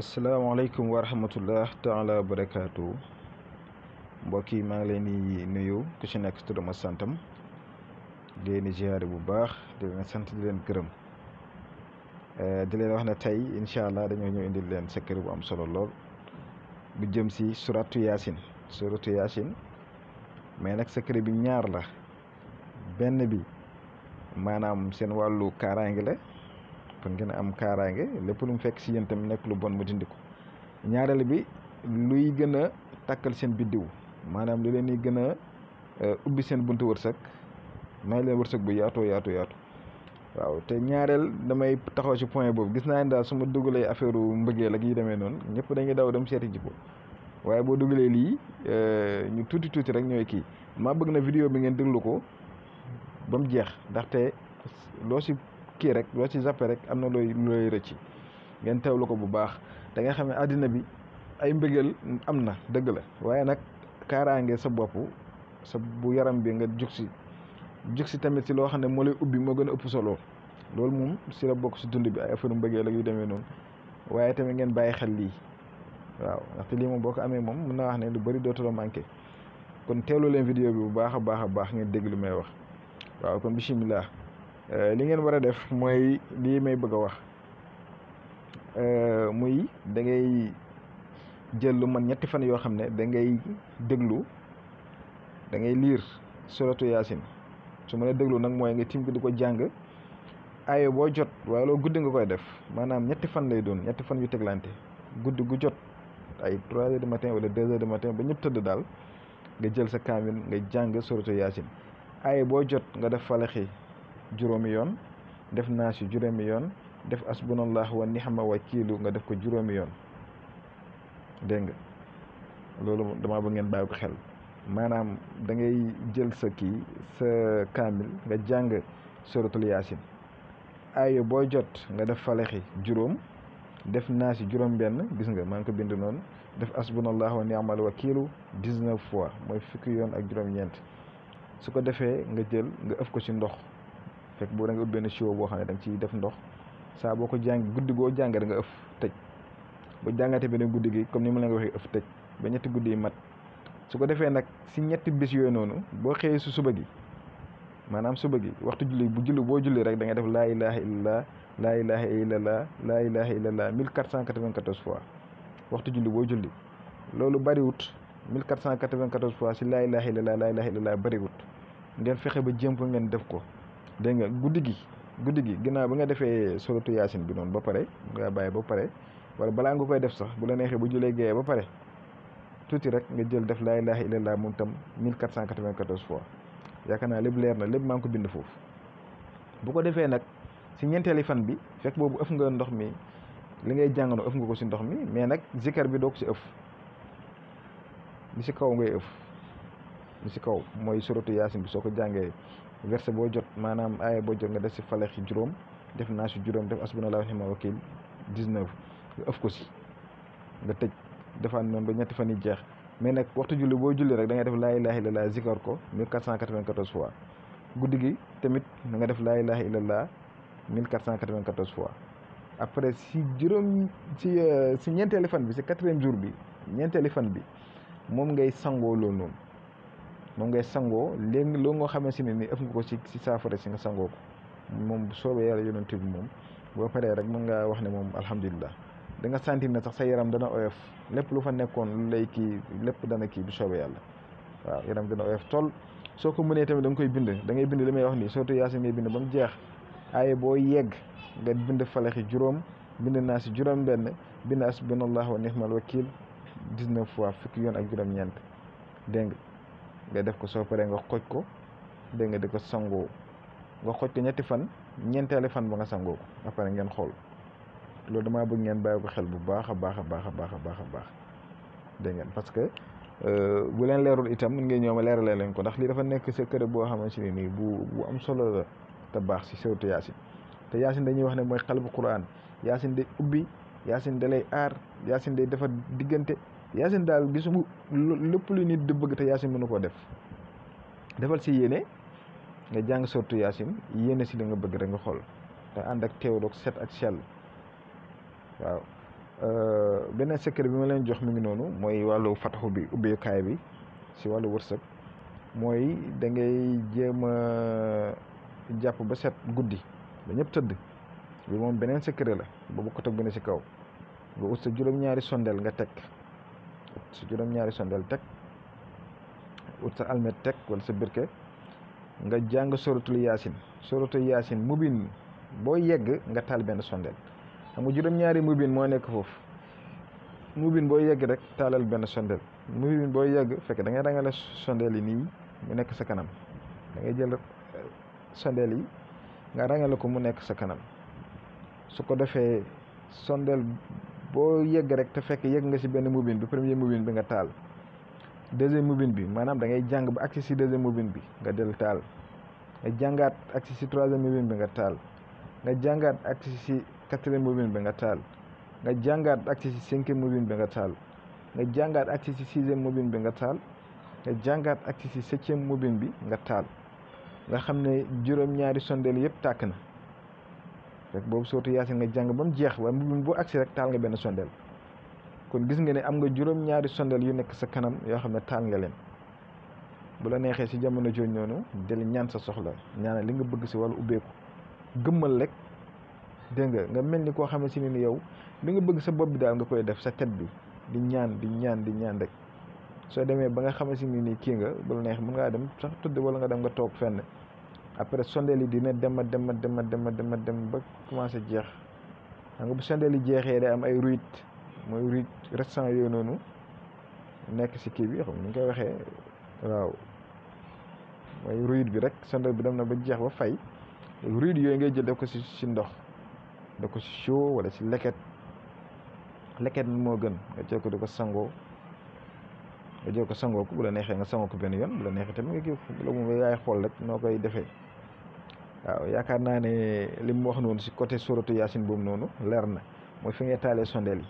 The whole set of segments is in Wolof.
asalaamaaleykum wa rahmatullah taala wa barakaatu mbokk yi maa ngi leen di nuyu ku ci nekk turam ak santam di leen bu baax di leen sant di leen gërëm eh, di leen wax ne tey incha allah dañoo ñëw indil leen secret bu am solo lool bu jëm si suratu yaasin suratu yaasin mais nag secret bi ñaar la benn bi maanaam seen wàllu kaaraange la. pour ngeen am kaaraange lépp lu mu fekk si yéen tamit nekk lu bon mu dindi ko ñaareel bi luy gën a takkal seen biddiw maanaam lu leen di gën a euh, ubbi seen buntu wërsëg may leen wërsëg bu yaato yaatu yaatu waaw te ñaareel damay taxaw ci point boobu gis naa ne daal su ma dugalee affaire mbëggeel ak yi demee noonu ñëpp dañuy daw dem seeti ji ko waaye boo dugalee lii euh, ñu tuuti tuuti rek ñooy kii maa bëgg na vidéo bi ngeen déglu ko ba mu jeex ndaxte loo si kii rek loo ci zappe rek amna loy loy recc ngeen tewlu ko bu baax da nga xam adina bi ay mbëggeel amna deug la waye nak kaaraange sa bop sa bu yaram bi nga juksi si si tamit si lo xam mo lay ubbi mo gëna upp solo lol moom si la bok ci dund bi ay affaire mbëggeel ak yu demee non waye tamit ngeen bàyyi xel li waaw ndax li moom boo amé mom mëna wax né lu bari dootu manké kon tewlu leen video bi bu baaxa a baax ngeen deglu may wax waaw kon bismillah li euh, ngeen war a def mooy lii may bëgg a wax euh, muy dangay ngay jël lu man ñetti fan yoo xam ne da ngay déglu da liir suratu yaasin su ma ne déglu nag mooy nga tiim bi di ko jàng aayo boo jot waaye loolu guddi nga koy def maanaam ñetti fan lay doon ñetti fan yu teglante guddi gu jot ay trois de du matin wala deux heures du matin ba ñëpp tëdd daal nga jël sa kaamil nga jàng suratu yaasin aayo boo jot nga def falaxi juróomi yoon def naa si juróomi yoon def asbunallah wa nihma wakiilu nga def ko juróomi yoon dégg nga loolu damaa ba ngeen bàyyi xel maanaam dangay jël sa kii sa kaamil nga jàng suratul yaasin aaya boo jot nga def falaxi juróom def naa si juróom benn gis nga maa ngi ko bind noonu def asbunallah wa ni'mal wakiilu dix-neuf fois mooy fukki yoon ak juróom-ñeent su ko defee nga jël nga ëf ko ci ndox Fek bo da nga ut benn show bo xam dang ci def ndox sa boko jang jàng guddi goo nga euf tej bu jàngatee beneen comme ni mo la nga euf tej ba ñetti mat su ko defee nak si ñetti bis yoy nonu bo xëyee su suba gi manam suba gi waxtu julli bu julli bo julli rek da nga def la ilaha illa la ilaha illallah la ilaha illallah 1494 fois waxtu julli bo julli bari wut 1494 fois si la ilaha illallah la ilaha bari wut ngeen fexé ba jëm ko ngeen def ko dégg nga guddi gi guddi gi ginnaaw bi nga defee suratu yaasin bi noonu ba pare nga bàyyi ba pare wala balaa nga koy def sax bu la neexee bu julee géeyee ba pare tuuti rek nga jël def laa ilaaha illallaah moom tam 1494 fois yaakaar naa lépp leer na lépp maa ngi ko bind foofu bu ko defee nag si ñenteeli fan bi fekk boobu ëf nga ndox mi li ngay jànganoo ëf nga ko si ndox mi mais nag zikar bi doo ko si ëf li si kaw ngay ëf li si kaw mooy suratu bi soo ko jàngee verse bo jot manam ay bo jot nga def ci faleex yi juroom def na ci juroom def asbunallahu wa ni'mal wakil 19 of course nga tej defaan noonu ba ñetti fani jeex mais nak waxtu julli bo julli rek da nga def la ilaha illallah zikr ko 1494 fois guddigi tamit da nga def la ilaha illallah 1494 fois après si juroom si euh, si ñeenteeli fan bi 4e jour bi ñeenteeli fan bi mom ngay sangolo non moom ngay sangoo léegi loo nga xamante ne ni ëpp nga ko ci ci saafara si nga sangoo ko moom soobee yàlla yonent bi moom boo paree rek mën ngaa wax ne moom alhamdulilah da nga sentir ne sax sa yaram dana oyof lépp lu fa nekkoon lay kii lépp dana kii bu soobee yàlla waaw yaram dana oyof tool soo ko mënee tamit da nga koy bind da ngay bind li may wax nii surtout yaasin ngay bind ba mu jeex aaye boo yegg nga bind falaxi juróom bind naa si juróom benn bind asbunallah wa nihmal wakil 19 fois fukki yoon ak juróom-ñeent dégg nga nga def ko soo paree nga xoj ko dégg nga di ko sangoo nga xoj ko ñetti fan ñeenteeli fan ba nga sangoo ko après ngeen xool loolu dama bëgg ngeen bàyyi ko xel bu baax a baax a baax a baax a baax a baax dégg ngeen parce que euh, bu leen leerul itam ngeen ñoom leeralee leen ko ndax lii dafa nekk secret boo xamante nii bu bu am solo la te baax si surtout yaasin te yaasin dañuy wax ne mooy xalbu quran yasin de ubi, yasin da lay aar yaasin day defar diggante dal gis gisuma lepp lu nit de bëgg te yasin mënu ko def defal si Yene, nga jang sortu yasin yene si li nga bëgg rek nga xol te and ak set ak sel waaw euh, benen secret bi ma leen jox mi ngi nonu mooy walu fataxu bi kay bi si walu wërsëg mooy da ngay jema japp ba set guddii ba ñëpp teud bi mom benen secret la bu bokkut tok bu ci kaw bu juroom ñaari sondel nga tek su juróom-ñaari sondeel teg ut sa almet teg wala sa birke nga jàng suratul yaasin suratul yaasin mubin boo yegg nga taal benn sondeel xam nga ñaari mubin moo nekk foofu mubin boo yegg rek taalal benn sondeel mubin boo yegg fekk da ngay rangale sondeel yi nii mu nekk sa kanam da ngay jël eh, sondeel yi nga rangale ko mu nekk sa kanam su ko defee sondeel bo yegg rek te fekk yegg nga ci benn mobile bi premier mobile bi nga taal deuxième mobile bi manam da ngay jang ba accès ci deuxième mobile bi nga del taal nga jangat accès ci troisième mobile bi nga taal nga jangat accès ci quatrième mobile bi nga taal nga jangat accès ci cinquième mobile bi nga taal nga jangat accès ci sixième mobile bi nga taal nga jangat accès ci septième mobile bi nga taal nga ne ñaari sondel yépp tak na rek boobu sootu yaasin nga jàng ba mu jeex waaye mu boo agsi rek taal nga benn sondel kon gis nga ne am nga juróom-ñaari sondel yu nekk sa kanam yoo xam ne taal nga leen bu la neexee si jamono jooju noonu del ñaan sa soxla ñaanal li nga bëgg si wàllu ubbeeku gëmmal rek dégg nga nga mel ni koo xamante ne ni yow li nga bëgg sa bopp bi daal nga koy def sa tet bi di ñaan di ñaan di ñaan rek soo demee ba nga xamante ne nii kii nga bu la neex mën ngaa dem sax tudd wala nga dem nga toog fenn après sondeli dina dem dem dem dem dem dem ba commencé jeex xam nga bu sondeli jeexé day am ay ruit moy ruit restant yo noonu nek ci kii bi xam ni ñu koy waxee waaw ruit bi rek sondeel bi dem na ba jeex ba fay ruit yooyu ngay jël def ko ci si ndox def ko si chaud wala ci leket leket mo gën nga jël ko di sango sangoo nga jël ko sango ko bu la neexee nga sango ko ben yoon bu la neexee tam nga gi kii la mu yaay xol rek nokay defé waaw yaakaar naa ne li mu wax noonu si côté suratu yaasin boobu noonu leer na mooy fi ngay taalee sondeel yi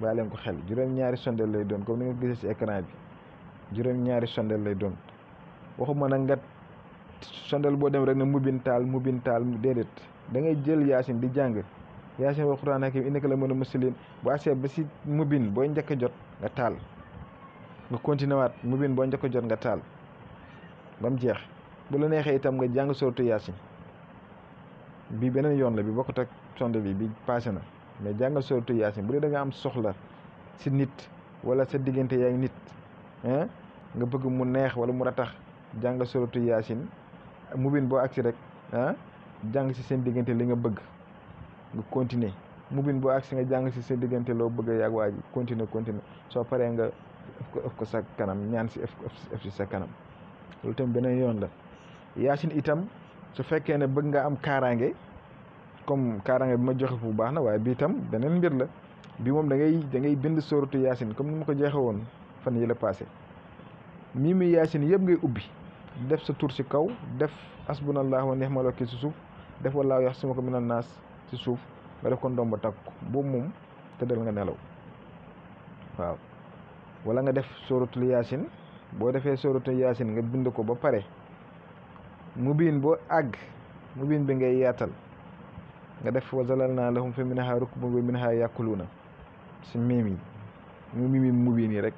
baa leen ko xel juróom-ñaari sondeel lay doon comme ni nga gisee si écran bi juróom-ñaari sondeel lay doon waxuma nag nga sondeel boo dem rek ne mubin taal mubin taal déedéet da ngay jël yaasin di jàng yaasin wa quraan hakim innaka la mën a muslin bu asee ba si mubin booy njëkk a jot nga taal nga continué waat mubin boo njëkk a jot nga taal ba mu jeex bu la nexé itam nga jang sortu yasin bi benen yoon la bi bokkut ak sonde bi bi passé na mais jang sortu yasin bu dee da nga am soxla ci nit wala sa digënté yaay nit hein nga bëgg mu neex wala mu ratax jang sortu yasin mubin bo aksi rek hein jang ci seen digënté li nga bëgg nga continuer mubin bo aksi nga jang ci seen digënté lo bëgg yaak waa continuer continuer so paré nga ko sa kanam ñaan ci ëf si sa kanam lu tam benen yoon la yasin itam su fekke ne bëgg nga am karange comme karange bima joxe fu baax na waaye bi itam benen mbir la bi mom da ngay da ngay bind sóoratu yasin comme ni ko jeexe won fan yi la passé mi mi yasin yeb ngay ubbi def sa tur ci kaw def asbunallahu wa ni'mal wakeel ci suuf def wallahu yahsimuka minan nas ci suuf ba def ko ndomba bo mom te dal nga nelaw waaw wala nga def sóoratul yasin bo defé sóoratul yasin nga bind ko ba pare mu biin boo àgg mu mubin bi ngay yaatal nga def wa zalalna lahum fi minha rukbun wa minha na si miim yi mu miim mubin yi rek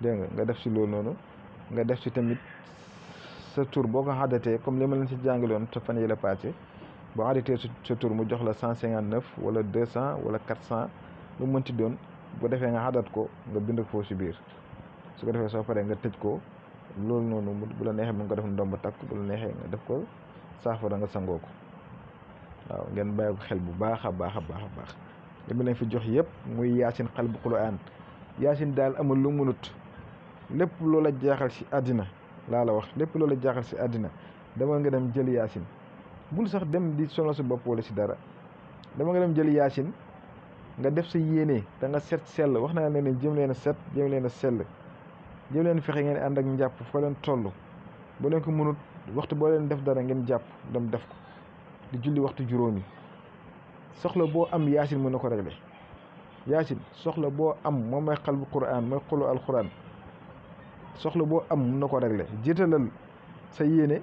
dégg nga nga def si loolu noonu nga def si tamit sa tur boo ko xaddatee comme li ma leen si jàngaloon te fan yi la passé boo xadatee sa tur mu jox la cent cinquante neuf wala deux cent wala quatre cent lu mënti doon bu defee nga xadat ko nga bind ko foofu si biir su ko defee soo paree nga tëj ko loolu noonu bu la neexee mën nga def ndomba tak bu la neexee nga def ko safara nga sangoko waaw ngeen baye ko xel bu baakha baakha baakha baax lañ fi jox yépp muy yasin qalb qur'an yasin dal amul lu munut lepp loola jaxal si adina, la la wax lepp loola jaxal si adina, dama nga dem jël yasin. bul sax dem di sonal su bop wala ci dara dama nga dem jël yasin, nga def sa yene da nga set sel waxna na leen ne jëm leen set jëm leen sel jëw leen fexe ngeen ànd ak njàpp fa leen toll boo leen ko mënut waxtu boo leen def dara ngeen jàpp dem def ko di julli waxtu juróomi soxla boo am yaasin mën na ko régler yaasin soxla boo am moom mooy xal bu quraan soxla boo am na ko régler jiitalal sa yéene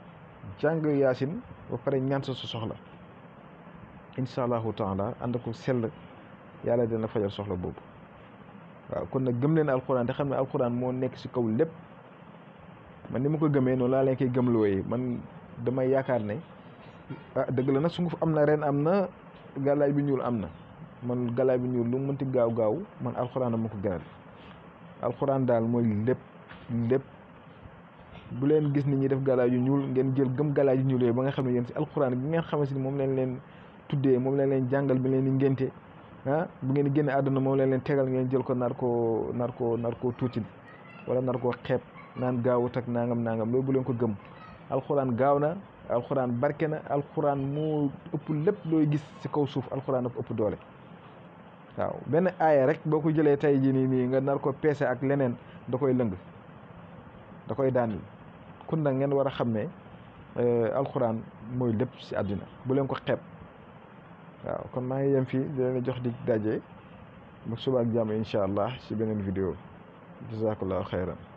jàng yaasin ba pare ñaan sa su soxla incha allahu taala ànd ko sell yàlla na fajal soxla boobu waaw kon nag gëm leen alxuraan te xam ne alxuraan moo nekk si kaw lépp man ni ma ko gëmee noonu laa leen koy gëmlooyee man damay yaakaar ne ah dëgg la nag sunguf am na ren am na galaay bi ñuul am na man galaay bi ñuul lu mu mënti gaaw gaaw man alxuraan dama ko gënal alxuraan daal mooy lépp lépp bu leen gis nit ñi def galaay ñuul ngeen jël gëm galaay yu ñuul yooyu ba nga xam ne yéen ci alxuraan gi ngeen xamante ni moom leen leen tuddee moom leen leen jàngal leen di ngénte Ah, bu ngeen génne àdduna moom leen leen tegal ngeen jël ko naar ko nar koo nar koo tuuti wala nar koo xeeb naan gaawut ak nangam nangam loolu bu leen ko gëm alxuraan gaaw na alxuraan barke na alxuraan moo ëpp lépp looy gis ci kaw suuf alxuraan ak ëpp doole waaw benn aaya rek boo ko jëlee tey jii nii nii nga nar ko peese ak leneen da koy lëng da koy daanil kon nag ngeen war a xam ne eh, alxuraan mooy lépp ci àdduna bu leen ko xeeb. كون يم في دا لا ديك داجي بو صباح ان شاء الله سي بنين فيديو جزاك الله خيرا